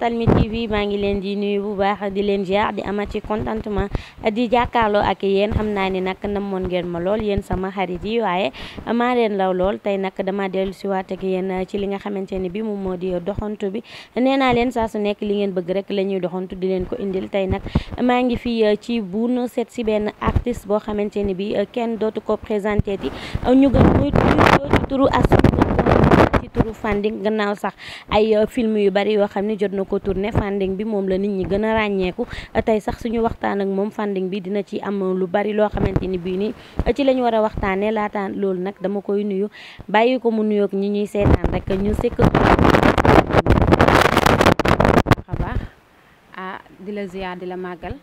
Barthélemy TV maa ngi leen di nuyu bu baax di leen ziar di amat ci contentement di jàkkaarloo ak yéen xam naa ni nag namoon ngeen ma lool yéen sama xarit yi waaye maa leen law lool tey nag dama dellu siwaat ak yéen ci li nga xamante ni bi moom moo di doxantu bi nee leen saa su nekk li ngeen bëgg rek la ñuy doxantu di leen ko indil tey nag maa ngi fii eh, ci buun seet si benn artiste boo xamante ni bi eh, kenn dootu ko présenté ti eh, ñu gën muy turu Astou turu Fanding gannaaw sax ay euh, film yu bari yoo xam ne jot na ko tourné Fanding bi moom la nit ñi gën a ràññeeku tey sax suñu waxtaan ak moom Fanding bi dina ci am lu bari loo xamante ni bii nii euh, ci lañu war a waxtaanee laataan loolu nag dama koy nuyu bàyyi ko mu nuyoog ñi ñuy seetaan rekk ñu sekk a ah, di la ziar di la màggal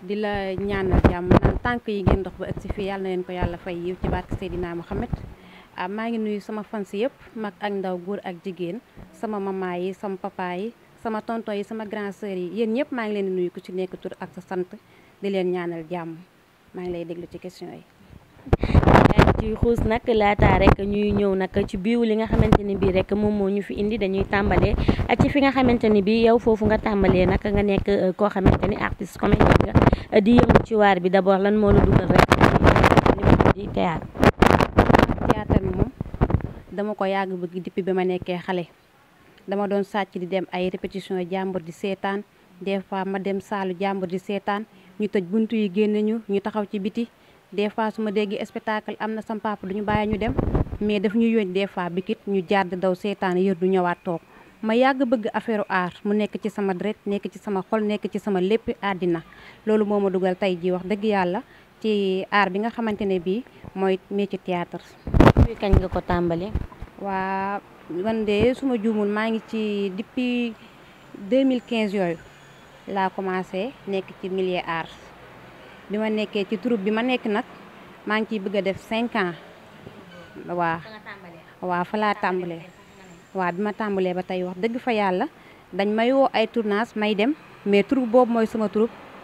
di la ñaanal jàmm naan tànk yi ngeen dox ba ëgg si fii yàlla na leen ko yàlla fay yiw ci barke ah maa ngi nuyu sama fans yëpp mag ak ndaw góor ak jigéen sama mama yi sama papa yi sama tonton yi sama grand sœur yi yéen ñëpp maa ngi leen nuyu ku ci nekk tur ak sa sant di leen ñaanal jàmm maa ngi lay déglu ci question yi. ci xuus nag laata rek ñuy ñëw nag ci biiw li nga xamante ni bii rek moom moo ñu fi indi dañuy tàmbalee ak ci fi nga xamante ni bii yow foofu nga tàmbalee nag nga nekk euh, koo xamante ni artiste comédien nga euh, di yëngu ci waar bi d'abord lan moo la dugal rek dama ko yag bëgg depuis bima nekké xalé dama doon sacc di dem ay répétition jambour di seetaan des fois ma dem salu jambour di seetaan ñu tej buntu yi génne ñu ñu taxaw ci biti des fois suma déggi spectacle amna sam papa duñu baye ñu dem mais daf ñu yoon des fois bikit ñu jaar di daw seetaan yeur du ñëwaat tok ma yag bëgg affaireu art mu nekk ci sama dret nekk ci sama xol nekk ci sama lepp adina lolu moma duggal tay ji wax deug yalla ci art bi nga xamantene bi moy métier théâtre bi kañ nga ko tàmbali waa man de suma juumul maa ngi ci depuis 2015 yooyu laa commencé nekk ci milieu art bi ma nekkee ci troupe bi ma nekk nag ngi ciy bëgg def 5 ans waa wa fa laa tàmbalee waa bi ma tàmbalee ba tey wax dëgg fa yàlla dañ may woo ay tournage may dem mais troupe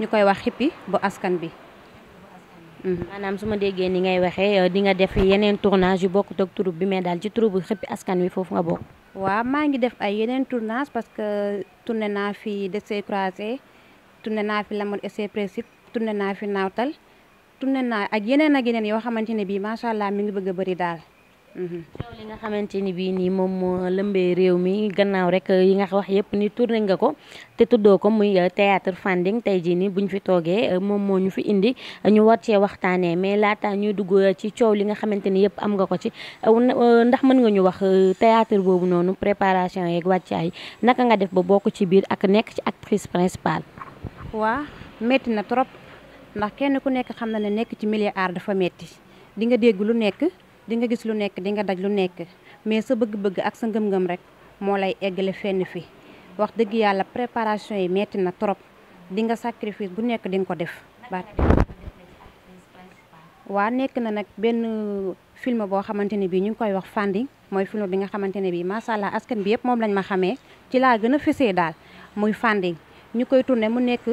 troupe wax xippi bu askan bi Mhm. maanaam su ma déggee ni ngay waxee euh, di nga def yeneen tournage yu bokkut ak troupe bi mais daal ci troupe xëppi askan wi foofu nga bokk waaw maa ngi def ay yeneen tournage parce que tourné naa fi Dessé Croisé tourné naa fi L'amour et ses principes tourné naa fi Nawtal tourné naa ak yeneen ak yeneen yoo xamante ne bii macha allah mi ngi bëgg a bëri daal coow li nga xamante ni bii nii moom moo lëmbee réew mi gannaaw rek yi nga wax yëpp ni tourné nga ko te tuddoo ko muy euh, théâtre Fanding tey jii nii ñu fi toogee euh, moom moo ñu fi indi ñu war cee waxtaanee mais laata ñuy dugg euh, ci coow li nga xamante ni yëpp am nga ko ci ndax mën nga ñu wax théâtre boobu noonu préparation yeeg wàccaay naka nga def ba bokk ci biir ak nekk ci actrice principale. waa metti na trop ndax kenn ku nekk xam na ne nekk ci milieu art dafa métti di nga dégg lu nekk. di nga gis lu nekk di nga daj lu nekk mais sa bëgg-bëgg ak sa ngëm-ngëm rek moo lay eggale fenn fi wax dëgg yàlla préparation yi metti na trop di nga sacrifice bu nekk di nga ko def baat waa nekk na nag benn euh, film boo xamante ne bii ñu ngi koy wax Fandi mooy film bi nga xamante ne bii macha allah askan bi yëpp moom lañ ma xamee ci laa gën a fesee daal muy Fandi ñu koy tourné mu nekk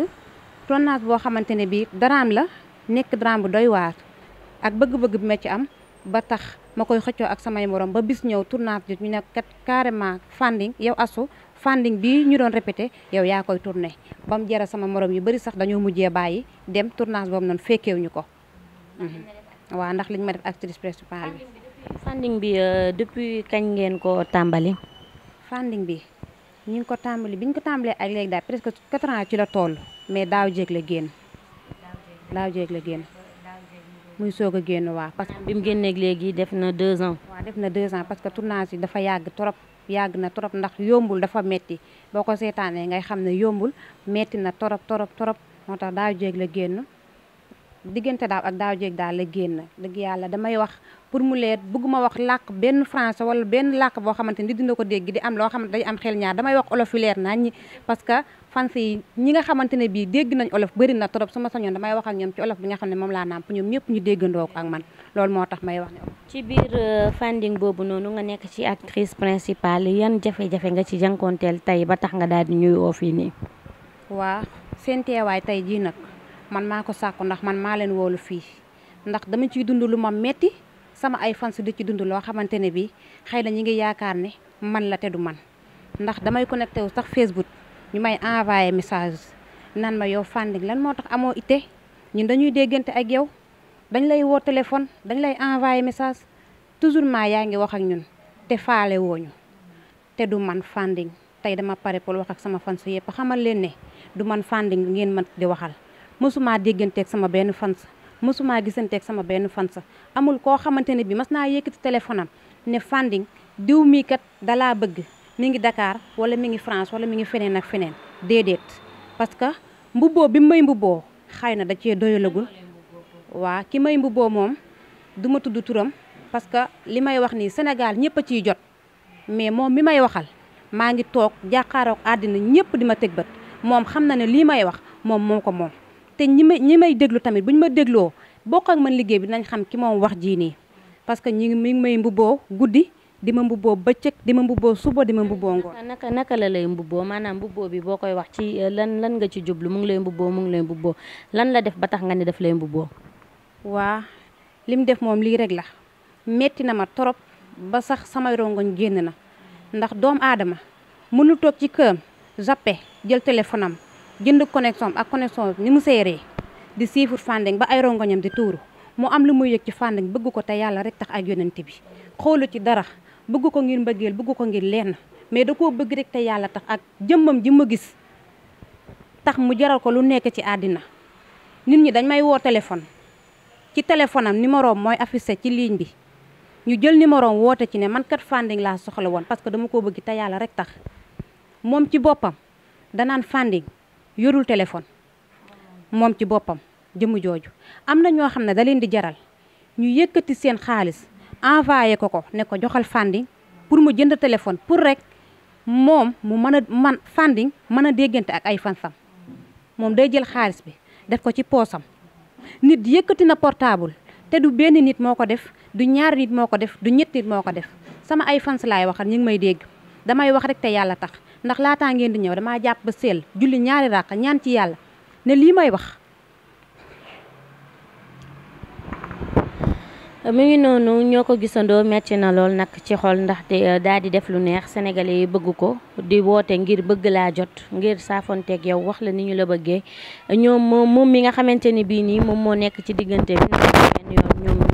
tournage boo xamante ne bii drame la nekk drame bu doy waar ak bëgg-bëgg bi ma ci am ba tax ma koy xëccoo ak samay morom ba bis ñëw tournage jot ñu ne kat carrément Fanding yow asu Fanding bi ñu doon répété yow yaa koy tourné ba mu jëra sama morom yu bëri sax dañoo mujjee bàyyi dem tournage boobu noonu fekkeew ñu ko mhm. waaw ndax liñ ma def actrice principale bi Fanding bi depuis kañ euh, ngeen ko tàmbali Fanding bi ñu ko tàmbali bi ñu ko tàmbalee ak léegi daal presque quatre ans ci la toll mais daaw jéeg la génn daaw jéeg la génn muy soog a génn waaw parce que bi mu génneeg léegi def na deux ans waaw def na deux ans parce que tournage yi dafa yàgg trop yàgg na trop ndax yombul dafa metti boo ko seetaanee ngay xam ne yombul metti na trop trop trop moo tax daaw jéeg génn diggante daaw ak daaw jéeg daal la génn dëgg yàlla damay wax pour mu leer bëgguma wax làkk benn français wala benn làkk boo xamante ni dina ko dégg di am loo xamante dañu am xel ñaar damay wax olof yu leer nañ ñi parce que fans yi ñi nga xamante ne bii dégg nañ olof bëri na trop su ma sañoon damay wax ak ñoom ci olof bi nga xam ne moom laa nàmp ñoom ñëpp ñu déggandoo ko ak man loolu moo tax may wax ne ci biir euh, Fanding boobu noonu nga nekk ci actrice principale yan jafe-jafe nga ci jànkoonteel tey ba tax nga daal di ñuy fii nii tey jii nag man maa ko sàkku ndax man maa leen woolu fii ndax dama ciy dund lu ma metti sama ay fans di ci dund loo xamante ne bii xëy na ñi ngi yaakaar ne man la te du man ndax damay connecté wu sax Facebook ñu may envoyé message nan ma yow Fanding lan moo tax amoo ite ñun dañuy déggante ak yow dañ lay woo téléphone dañ lay envoyé message toujours maa yaa ngi wax ak ñun te faale wooñu te du man Fanding tey dama pare pour wax ak sama fans yëpp xamal leen ne du man Fanding ngeen mën di waxal mësumaa dégganteek sama benn fan sa mësumaa gisanteeg sama benn fan sa amul koo xamante ne bi mës naa yëkkati téléphone am ne Fanding diw mii kat dalaa bëgg mi ngi dakaar wala mi ngi France wala mi ngi feneen ak feneen déedéet parce que mbubboo bi may mbubboo xëy na da cee doyalagul waa ki may mbubboo moom duma tudd turam parce que li may wax nii Sénégal ñëpp a ciy jot mais moom mi may waxal maa ngi toog jàkkaarook àddina ñëpp di ma teg bët moom xam na ne lii may wax moom moo ko moom te ñi may ñi may déglu tamit bu ñu ma dégloo bokk ak man liggéey bi nañ xam ki moom wax jii nii parce que ñi ngi mi ngi may mbubboo guddi di ma mbubboo bëccëg di ma mbubboo suba di ma mbubboo ngoon ah, naka naka la lay mbubboo maanaam mbubboo bi boo koy wax ci euh, lan lan nga ci jublu mu ngi lay mbubboo mu ngi lay mbubboo lan la def ba tax nga ni def lay mbubboo waa lim def moom lii rek la metti na ma torop ba sax sama rongoñ génn na ndax doom aadama mënul toog ci këram zappe jël téléphone jënd connexion ak connexion ni mu seeree di siifur Fandeng ba ay rongoñam di tuuru mu am lu muy yëg ci Fandeng bëgg ko te yàlla rek tax ak yonent bi xoolu ci dara bëgg ko ngir mbëggeel bëgg ko ngir lenn mais da koo bëgg rek te yàlla tax ak jëmmam ji ma gis tax mu jaral ko lu nekk ci àddina nit ñi dañ may woo téléphone ci téléphone am numéro mooy affiché ci ligne bi ñu jël numéro woote ci ne man kat Fandeng laa soxla woon parce que dama koo bëgg te yàlla rek tax moom ci boppam danaan Fandeng yorul téléphone moom ci boppam jëmm jooju am na ñoo xam ne da leen di jaral ñu yëkkati seen xaalis envoyé ko ko ne ko joxal funding pour mu jënd téléphone pour rek moom mu mën a man funding mën a déggante ak ay fansam moom day jël xaalis bi def ko ci poosam nit yëkkati na portable te du benn nit moo ko def du ñaari nit moo ko def du ñetti nit moo ko def sama ay fans laay waxal ñu ngi may dégg damay wax rek te yalla tax ndax laataa ngeen di ñew dama japp ba seel julli ñaari rak ñaan ci yalla ne li may wax mi ngi nonu ñoko metti na lol nak ci xol ndax euh, daal di def lu neex sénégalais yi bëgg ko di wote ngir bëgg la jot ngir ak yow wax la ni ñu la ñom mom mi nga bi ni mom mo nekk ci digënté bi ñom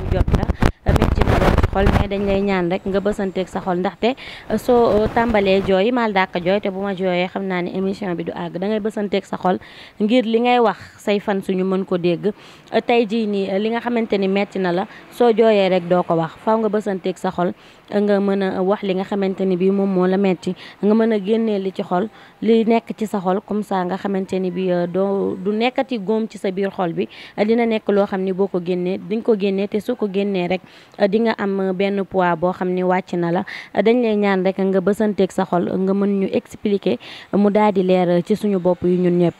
xol mais dañ lay ñaan rek nga ak sa xol ndaxte uh, so uh, tambalé joy mal dàkk joy té buma joyé xamna ni émission bi du ag da ngay ak sa xol ngir li ngay wax say fan suñu mën ko dégg uh, tay ji ni li nga xamanteni metti na la so joyé rek do ko wax faaw nga ak sa xol nga mën a wax li nga xamante ni bii moom moo la metti nga mën a génnee li ci xol li nekk ci sa xol comme ça nga xamante ni bi euh, doo du nekkati góom ci sa biir xol bi euh, dina nekk loo xam ni boo ko génnee diñ ko génnee te su ko génnee rek euh, di nga am benn poids boo xam ni wàcc na la dañ lay ñaan rek nga bësanteek sa xol nga mën ñu expliquer mu daal di leer ci suñu bopp yu ñun ñëpp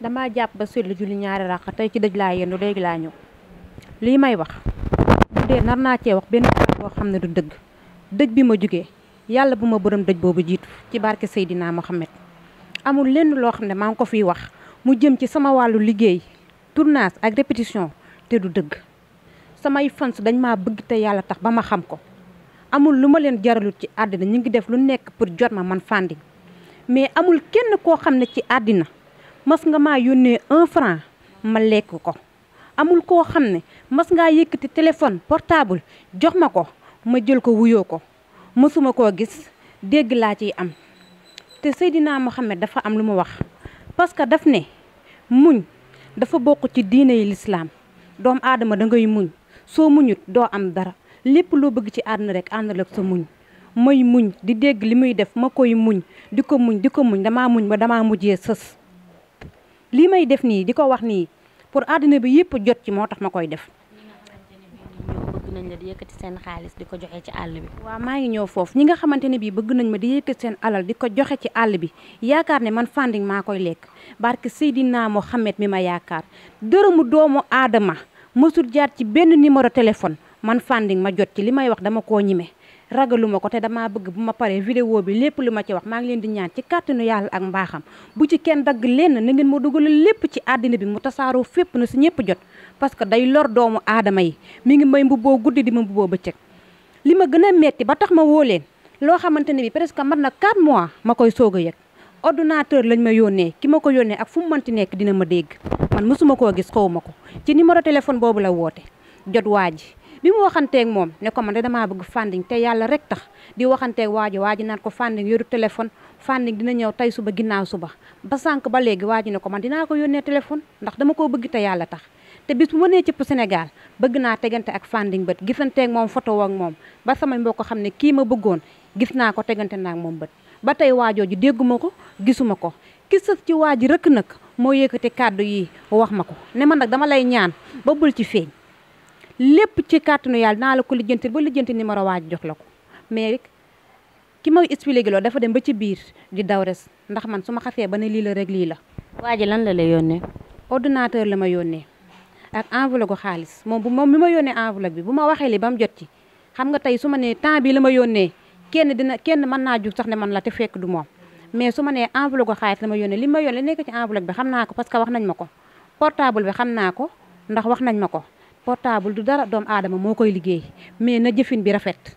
dama jàpp ba seetlu julli ñaari ràq tey ci dëj laa yendu léegi laa ñëw lii may bu dee naa cee wax benn baat boo xam ne du dëgg dëj bi ma jógee yàlla bu ma borom dëj boobu jiitu ci barke Seydina Mohamed amul lenn loo xam ne maa ngi ko fiy wax mu jëm ci sama wàllu liggéey tournage ak répétition te du dëgg samay fans dañ maa bëgg te yàlla tax ba ma xam ko amul lu ma leen jaralut ci àddina ñu ngi def lu nekk pour jot ma man Fandi mais amul kenn koo xam ne ci àddina mas nga maa yónnee un franc ma lekk ko amul koo xam ne mas ngaa yëkkati téléphone portable jox ma ko ma jël ko wuyoo ko mësuma koo gis dégg laa ciy am te Seydina Mohamed dafa am lu ma wax parce que daf ne muñ dafa bokk ci diine yi lislaam doom aadama da ngay muñ soo muñut doo am dara lépp loo bëgg ci àdduna rek àndal sa muñ may muñ di dégg li muy def ma koy muñ di ko muñ di ko muñ damaa muñ ba damaa mujjee sës lii may def nii di ko wax nii pour àdduna bi yëpp jot ci moo tax ma koy def nañ la di yëkkati seen xaalis di ko joxe ci àll bi waaw maa ngi ñëw foofu ñi nga xamante ne bii bëgg nañ ma di yëkkati seen alal di ko joxe ci àll bi yaakaar ne man Fanding maa koy lekk barke Seydina Mohamed mi ma yaakaar dërëmu doomu aadama mësul jaar ci benn numéro téléphone man Fanding ma jot ci li may wax dama koo ñime ragaluma ko te damaa bëgg bu ma paree vidéo bi lépp lu ma ci wax maa ngi leen di ñaan ci kàttanu yàlla ak mbaaxam bu ci kenn dagg lenn na ngeen ma dugalal lépp ci àddina bi mu tasaaroo fépp na si ñëpp jot parce que day lor doomu aadama yi mi ngi may mbubboo guddi di ma mbubboo bëccëg li ma gën a metti ba tax ma woo leen loo xamante ne bi presque man na 4 mois ma koy sog a yëg ordinateur lañ ma yónnee ki ma ko yónnee ak fu mu mënti nekk dina ma dégg man mosuma koo gis xaw ko ci numéro téléphone boobu la woote jot waa ji bi mu waxanteeg moom ne ko man de damaa bëgg Fanding te yàlla rek tax di waxanteek waaji waaji naan ko Fanding yoru téléphone Fanding dina ñëw tey suba ginnaaw suba ba sànq ba léegi waaji ne ko man dinaa ko yónnee téléphone ndax dama koo bëgg te yàlla tax te bis bu ma nee cëpp Sénégal bëgg naa tegante ak Fanding bët gisanteeg moom foto ak moom ba sama mbokk xam ne kii ma bëggoon gis naa ko tegante naa ak moom bët ba tey waajooju dégguma ko gisuma ko ki sës ci waa ji rëkk nag moo yëkkati kàddu yi wax ma ko ne man nag dama lay ñaan ba bul ci feeñ lépp ci kàttanu yàlla naa la ko lijjanti ba lijjanti numéro waaj jox la ko mais ki ma expliqué loolu dafa dem ba ci biir di daw res ndax man su ma xafee ba ne lii la rek lii la. waa ji lan la la yónnee. ordinateur la ma yónnee ak enveloppe gu xaalis moom moom mi ma yónnee enveloppe bi bu ma waxee ba mu jot ci xam nga tey su ma nee temps bi la ma yónnee kenn dina kenn mën naa jug sax ne man la te fekk du moom mais su ma nee enveloppe gu xaalis la ma yónnee li ma yónnee nekk ci enveloppe bi xam naa ko parce que wax nañ ma ko portable bi xam naa ko ndax wax nañ ma ko. portable du dara doomu aadama moo koy liggéey mais na jëfin bi rafet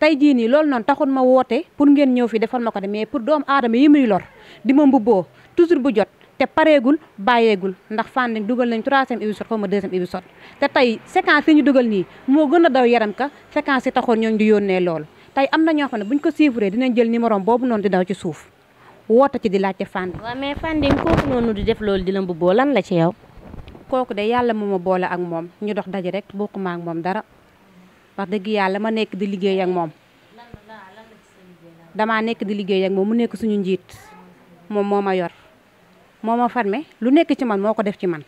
tey jii nii loolu noonu taxul ma woote pour ngeen ñëw fi defoon ma ko de mais pour doomu aadama yi muy lor di ma mbubboo toujours bu jot te pareegul bàyyeegul ndax Fann dugal nañ troisième épisode xaw ma deuxième épisode te tey séquence yi ñu dugal nii moo gën a daw yaram ka séquence yi taxoon ñooñu di yónnee lool tey am na ñoo xam ne buñ ko suivre dinañ jël numéro boobu noonu di daw ci suuf woote ci di laajte Fann. mais Fann kooku noonu di loolu di la mbubboo lan la ci yow. kooku de yàlla moo ma boole ak moom ñu dox daje rek bokkuma ak moom dara wax dëgg yàlla ma nekk di liggéey ak moom damaa nekk di liggéey ak moom mu nekk suñu njiit moom moo ma yor moo ma farme lu nekk ci man moo ko def ci man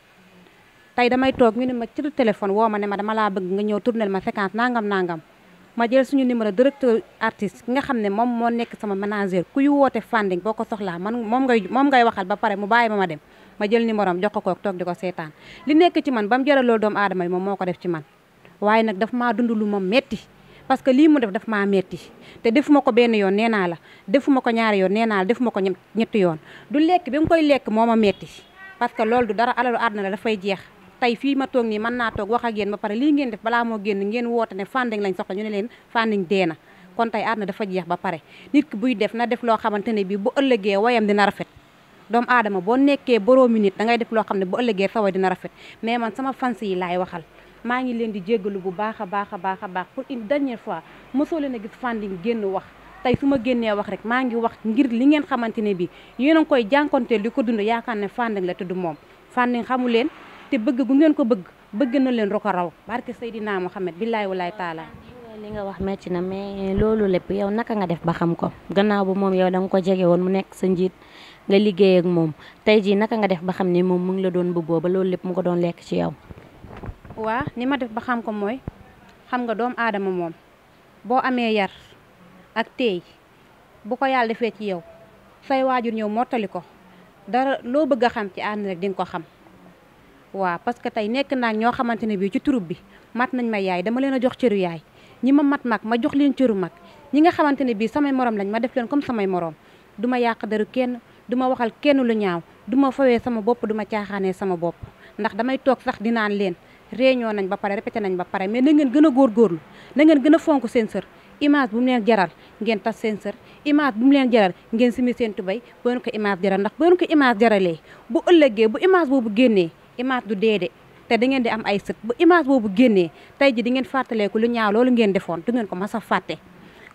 tey damay toog ñu ne ma ci téléphone woo ma ne ma dama laa bëgg nga ñëw tournel ma séquence nangam nangam ma jël suñu numéro directeur artiste ki nga xam ne moom moo nekk sama manager kuy woote Fanding boo ko soxlaa man moom ngay moom ngay waxal ba pare mu bàyyi ma ma dem ma jël numéro am jox ko kook toog di ko seetaan li nekk ci man ba mu jaraloo doomu aadama bi moom moo ko def ci man waaye nag daf maa dund lu ma metti parce que lii mu def daf maa metti te defuma ko benn yoon nee naa la defuma ko ñaari yoon nee naa la defuma ko ñetti yoon du lekk bi mu koy lekk moo ma metti parce que loolu du dara alalu àdduna la dafay jeex tey fii ma toog nii mën naa toog wax ak yéen ba pare lii ngeen def balaa moo génn ngeen woote ne Fanding lañ soxla ñu ne leen Fanding dee na kon tey àdduna dafa jeex ba pare nit ki buy def na def loo xamante ne bii bu ëllëgee wayam dina rafet doomu aadama boo nekkee boroomi nit da ngay def loo xam ne bu ëllëgee sawa dina rafet mais man sama fans yi laay waxal maa ngi leen di jéggalu bu baax a baax a baax a baax pour une dernière fois mosoo leen a gis Fanding génn wax tey su ma génnee wax rek maa ngi wax ngir li ngeen xamante ne bi yéen a koy jànkonteel li ko dund yaakaar ne Fanding la tudd moom Fanding xamu leen te bëgg gu ngeen ko bëgg bëgg na leen roko raw barke Seydina Mohamed billaay walaay taala li nga wax metti na mais loolu lépp yow naka nga def ba xam ko gannaaw bu moom yow da nga ko jege woon mu nekk sa njiit nga liggéey ak moom tey jii naka nga def ba xam ne moom mu ngi la doon bëggoo ba loolu lépp mu ko doon lekk ci yow. waa ni ma def ba xam ko mooy xam nga doom aadama moom boo amee yar ak teey bu ko yàlla defee ci yow say waajur ñëw mottali ko dara loo bëgg a xam ci àddina rek di nga ko xam. waa parce que tey nekk naa ñoo xamante ne bii ci turub bi mat nañ ma yaay dama leen a jox cëru yaay ñi ma mat mag ma jox leen cëru mag ñi nga xamante ne bii samay morom lañ ma def leen comme samay morom du ma waxal kenn lu ñaaw du ma fawee sama bopp duma ma caaxaanee sama bopp ndax damay toog sax di naan leen réunion nañ ba pare répété nañ ba pare mais na ngeen gën a góorgóorlu na ngeen gën a fonk seen sër image bu mu leen jaral ngeen tas seen sër image bu leen jaral ngeen simi seen tubay boo leen ko image jaral ndax boo leen ko image jaralee bu ëllëgee bu image boobu génnee image du deede te da ngeen di am ay sët bu image boobu génnee tey ji di fàttalee fàttaleeku lu ñaaw loolu ngeen defoon du ko mas a fàtte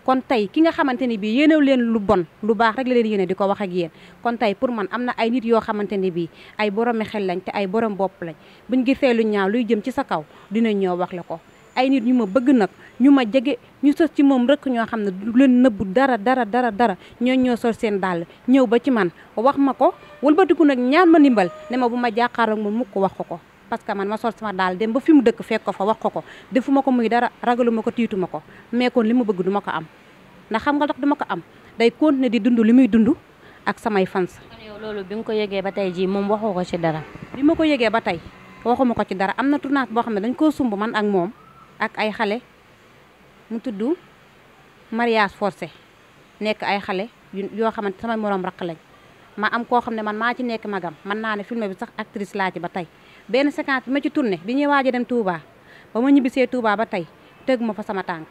kon tey ki nga xamante ni bii yéenew leen lu bon lu baax rek la leen yéene di ko wax ak yéen kon tey pour man am na ay nit yoo xamante ni bii ay boromi xel lañ te ay borom bopp lañ bu buñ gisee lu ñaaw luy jëm ci sa kaw dinañ ñoo wax la ko ay nit ñu ma bëgg nag ñu ma jege ñu sos ci moom rek ñoo xam ne du leen nëbbu dara dara dara dara ñoo ñoo sol seen dàll ñëw ba ci man wax ma ko wëlbatiku nag ñaan ma ndimbal ne ma bu ma jàkkaarloog ma mukk wax ko ko parce que man ma sol sama daal dem ba fi dëkk fekk ko fa wax ko ko defuma ko muy dara ragaluma ko tiituma ko mais kon li mu bëgg duma ko am ndax xam nga tax duma ko am day koon ne di dund li muy dund ak samay fans. loolu bi nga ko yëgee ba tey jii moom waxoo ko ci bi ma ko yëgee ba tey waxuma ko ci dara am na tournage boo xam ne dañ koo sumb man ak moom ak ay xale mu tudd mariage forcé nekk ay xale yoo xamante samay moroom raq lañ ma am koo xam ne man maa ci nekk magam mën naa ne film bi sax actrice laa ci ba tey. benn séquence bi ma ci tourné bi ñuy waaj a dem Touba ba ma ñibbisee Touba ba tey tëgg ma fa sama tànk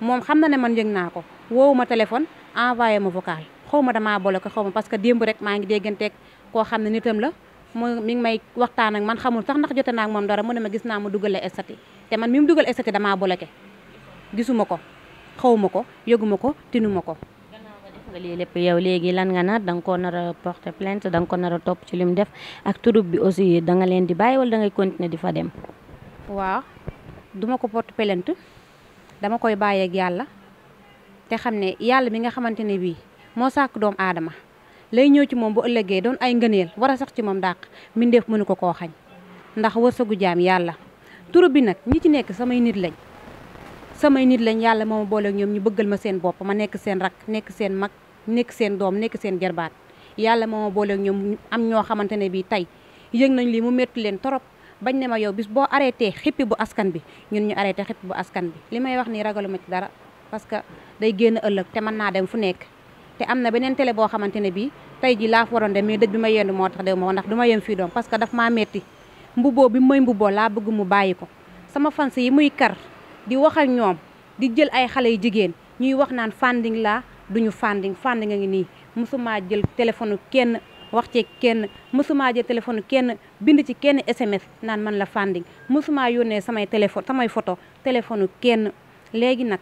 moom xam na ne man yëg naa ko woowu ma téléphone envoyé ma vocal xaw ma damaa boole ko xaw ma parce que démb rek maa ngi dégganteeg koo xam ne nitam la mu mi ngi may waxtaan ak man xamul sax ndax jote naa ak moom dara mu ne ma gis naa mu dugale la te man mi mu dugal estati damaa boole ke gisuma ko xawma ko yëguma ko tinuma ko nga lii léegi lan nga nar da nga koo nar a porter plainte da nga ko nar topp ci li mu def ak troupe bi aussi da nga leen di bàyyi wala da ngay continuer di fa dem. waaw duma ko porter plainte dama koy bàyyi yàlla te xam ne yàlla bi nga xamante ne bii moo sàkk doom aadama lay ñëw ci moom bu ëllëgee doon ay ngëneel war a sax ci moom dàq mbindeef mënu ko koo xañ ndax wërsëgu jaam yàlla bi nag ñi ci nekk samay nit lañ. samay nit lañ yàlla mooma boole ak ñu bëggal ma seen bopp ma nekk seen rak nekk seen mag nekk seen doom nekk seen jarbaat yàlla moo ma booleeg ñoom am ñoo xamante ne bii tey yëg nañ lii mu métti leen torop bañ ne ma yow bis boo arrêté xippi bu askan bi ñun ñu arrêté xippi bu askan bi li may wax nii ragalu ma ci dara parce que day génn ëllëg te mën naa dem fu nekk te am na beneen télé boo xamante ne bii tey ji laa fa waroon dem mais dëj bi ma yendu moo tax dew ma ndax du ma yem fii doom parce que daf maa metti mbuboo bi mooy mbuboo laa bëgg mu bàyyi ko sama fans yi muy kar di wax ak ñoom di jël ay xale yu jigéen duñu fanding fanding a ngi nii mësumaa jël téléphone kenn wax ci kenn musuma jël téléphone kenn bind ci kenn SMS nan man la fanding musuma yone samay téléphone samay photo téléphone kenn légui nak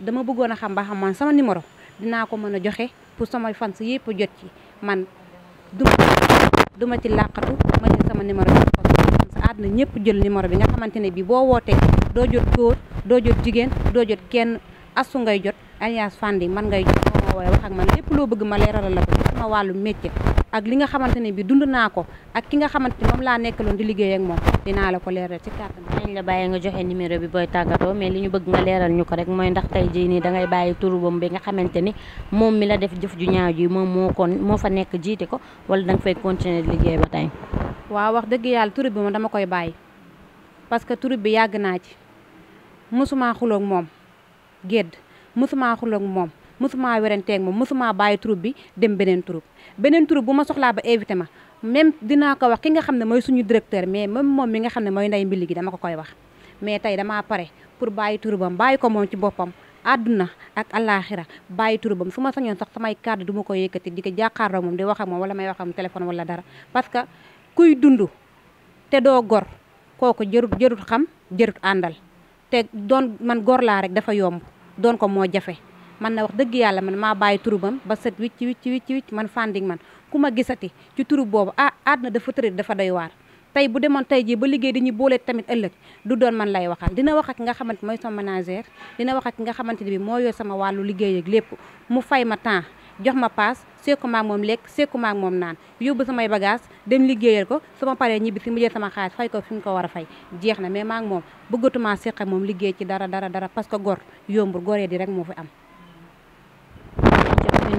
dama bëggona xam ba xam man sama numéro dina ko mëna joxé pour sama fans yépp jot ci man duma duma ci laqatu ma jël sama numéro adna ñepp jël numéro bi nga xamantene bi bo wote do jot góor do jot jigen do jot kenn asu ngay jot alias Fandi man ngay jox ma wax ak man lépp loo bëgg ma leeralal la ko ci sama wàllu métier ak li nga xamante ne bi dund naa ko ak ki nga xamante ne moom laa nekk nekkaloon di liggéey ak moom dinaa la ko leeral ci kàttan nga joxe numéro bi booy tàggatoo mais li ñu bëgg nga leeral ñu ko rek mooy ndax tey jii nii da ngay bàyyi turubam bi nga xamante ni moom mi la def jëf ju ñaaw ji moom moo kon moo fa nekk jiite ko wala da nga fay continuer liggéey ba tey waaw wax dëgg yàlla turub bi moom dama koy bàyyi parce que turub bi yàgg naa ci mosumaa xuloog moom gédd mësumaa xuloog moom mësumaa werenteeg moom mësumaa bàyyi troupe bi dem beneen troupe beneen troupe bu ma soxlaa ba invité ma même dinaa ko wax ki nga xam ne mooy suñu directeur mais même moom mi nga xam ne mooy nday mbili gi dama ko koy wax mais tey damaa pare pour bàyyi turubam bàyyi ko moom ci boppam àdduna ak alaaxira bàyyi turubam su ma sañoon sax samay kàddu du ma ko yëkkati di ko jàkkaarloo moom di wax ak moom wala may wax ak moom téléphone dara parce que kuy dund te doo gor kooku jërut jërut xam jërut àndal te doon man gor laa rek dafa yomb doon ko moo jafe man na wax dëgg yàlla man maa bàyyi turubam ba set wicc wicc wicc wicc man Fanding man ku a gisati ci turub boobu ah na dafa tëri dafa doy waar tey bu demoon tey jii ba liggéey dañuy boole tamit ëllëg du doon man lay waxal dina wax ak nga xamante mooy sama manager dina wax ak nga xamante ne bi moo yor sama wàllu liggéey ak lépp mu fay ma temps jox ma paas seeku maag moom lekk seeku maak moom naan yóbbu samay bagage dem liggéeyal ko su ma paree ñibbi si mu jël sama xaalis fay ko fi mu ko war a fay jeex na mais maag moom bëggatuma seq ak moom liggéey ci dara dara dara parce que gor yombul goree di rek moo fi am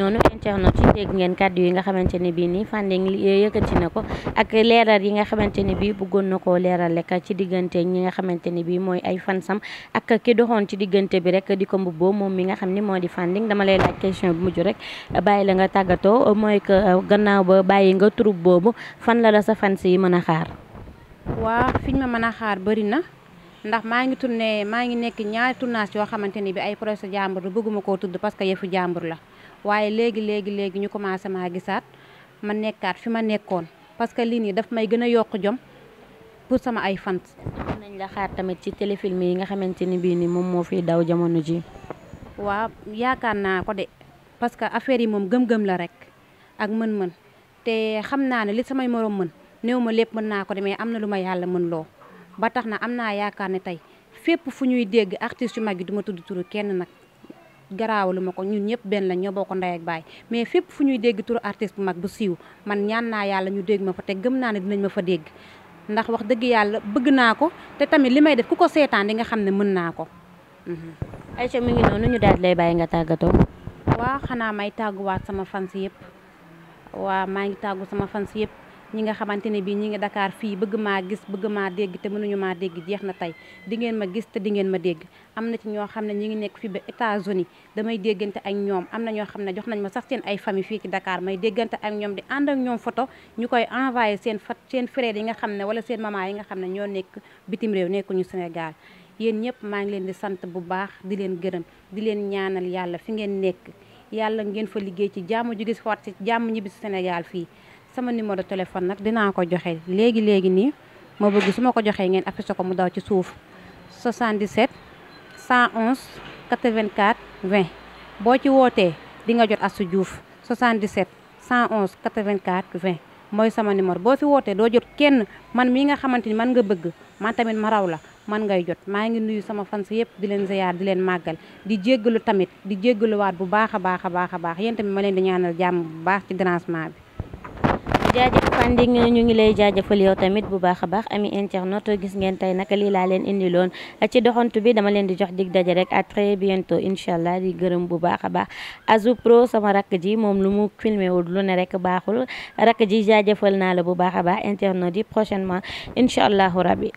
noonu internet yi dégg ngeen kàddu yi nga xamante ne bii nii Fanding yëkkati na ko ak leeral yi nga xamante ne bii bëggoon na koo leeral rek ci diggante ñi nga xamante ne bii mooy ay fansam ak ki doxoon ci diggante bi rek di ko mbubboo moom mi nga xam ni moo di Fanding dama lay laaj question bu mujj rek bàyyi la nga tàggatoo mooy que euh, gannaaw ba bàyyi nga troupe boobu fan la la sa fans yi mën a xaar waa fiñ ma mën a xaar bëri na ndax maa ngi tourné maa ngi nekk ñaari tournage yoo xamante ni bi ay projet jàmbur la koo tudd parce que yëfu jàmbur la waaye léegi léegi léegi ñu commencé maa gisaat ma nekkaat fi ma nekkoon parce que lii nii dafa may gën a yokk jom pour sama ay fans. nañ la xaar tamit ci téléfilm yi nga xamante ni bii nii moom moo fiy daw jamono ji waaw yaakaar naa ko de parce que affaire yi moom gëm-gëm la rek ak mën-mën te xam naa ne li samay morom mën néew ma lépp mën naa ko de mais am na lu ma yàlla mën loo ba tax na am naa yaakaar ne tey fépp fu ñuy dégg artistes yu mag yi duma tudd turu kenn nag. garaawalu ma ko ñun ñëpp benn lañ ñoo bokk ndey baay mais fépp fu ñuy dégg turu artiste bu mag bu siiw man ñaan naa yàlla ñu dégg ma fa te gëm naa ne dinañ ma fa dégg ndax wax dëgg yàlla bëgg naa ko te tamit li may def ku ko seetaan di nga xam ne mën naa ko. Mhm. Aïcha mi ngi noonu ñu daal lay bàyyi nga tàggatoo. waa xanaa may tàgguwaat sama fans yëpp waa maa ngi tàggu sama fans yëpp. ñi nga xamante ne bii ñi ngi dakaar fii bëgg maa gis bëgg maa dégg te mënuñu maa dégg jeex na tey di ngeen ma gis te di ngeen ma dégg am na ci ñoo xam ne ñi ngi nekk fii ba États-Unis damay déggante ak ñoom am na ñoo xam ne jox nañ ma sax ay famille fii ci Dakar may déggante ak ñoom di ànd ak ñoom foto ñu koy envoyé seen fa seen frère yi nga xam ne wala seen maman yi nga xam ne ñoo nekk bitim réew nekkuñu Sénégal yéen ñëpp maa ngi leen di sant bu baax di leen gërëm di leen ñaanal yàlla fi ngeen nekk yàlla ngeen fa liggéey ci jàmm jóge si waat jàmm ñibbi Sénégal fii sama numéro téléphone nag dinaa ko joxee léegi léegi nii ma bëgg su ma ko joxee ngeen affiché ko mu daw ci suuf 77 111 84 20 boo ci wootee di nga jot Astou Diouf 77 111 84 20 mooy sama numéro boo fi wootee doo jot kenn man mii nga xamante ni man nga bëgg man tamit ma raw la man ngay jot maa ngi nuyu sama fans yëpp di leen ziyaar di leen màggal di jéggalu tamit di jéggaluwaat bu baax a baax a baax a baax yéen tamit ma leen di ñaanal jàmm bu baax ci dérangement bi jaajëfandi ñu ngi lay jaajëfal yow tamit bu baax a baax ami internet gis ngeen tey naka lii laa leen indi loon ci doxantu bi dama leen di jox dig daje rek à très bientôt incha allah di gërëm bu baax a baax Azou Pro sama rakk ji moom lu mu filmé wul lu ne rek baaxul rakk ji jaajëfal naa la bu baax a baax internet yi prochainement incha allahu rabbi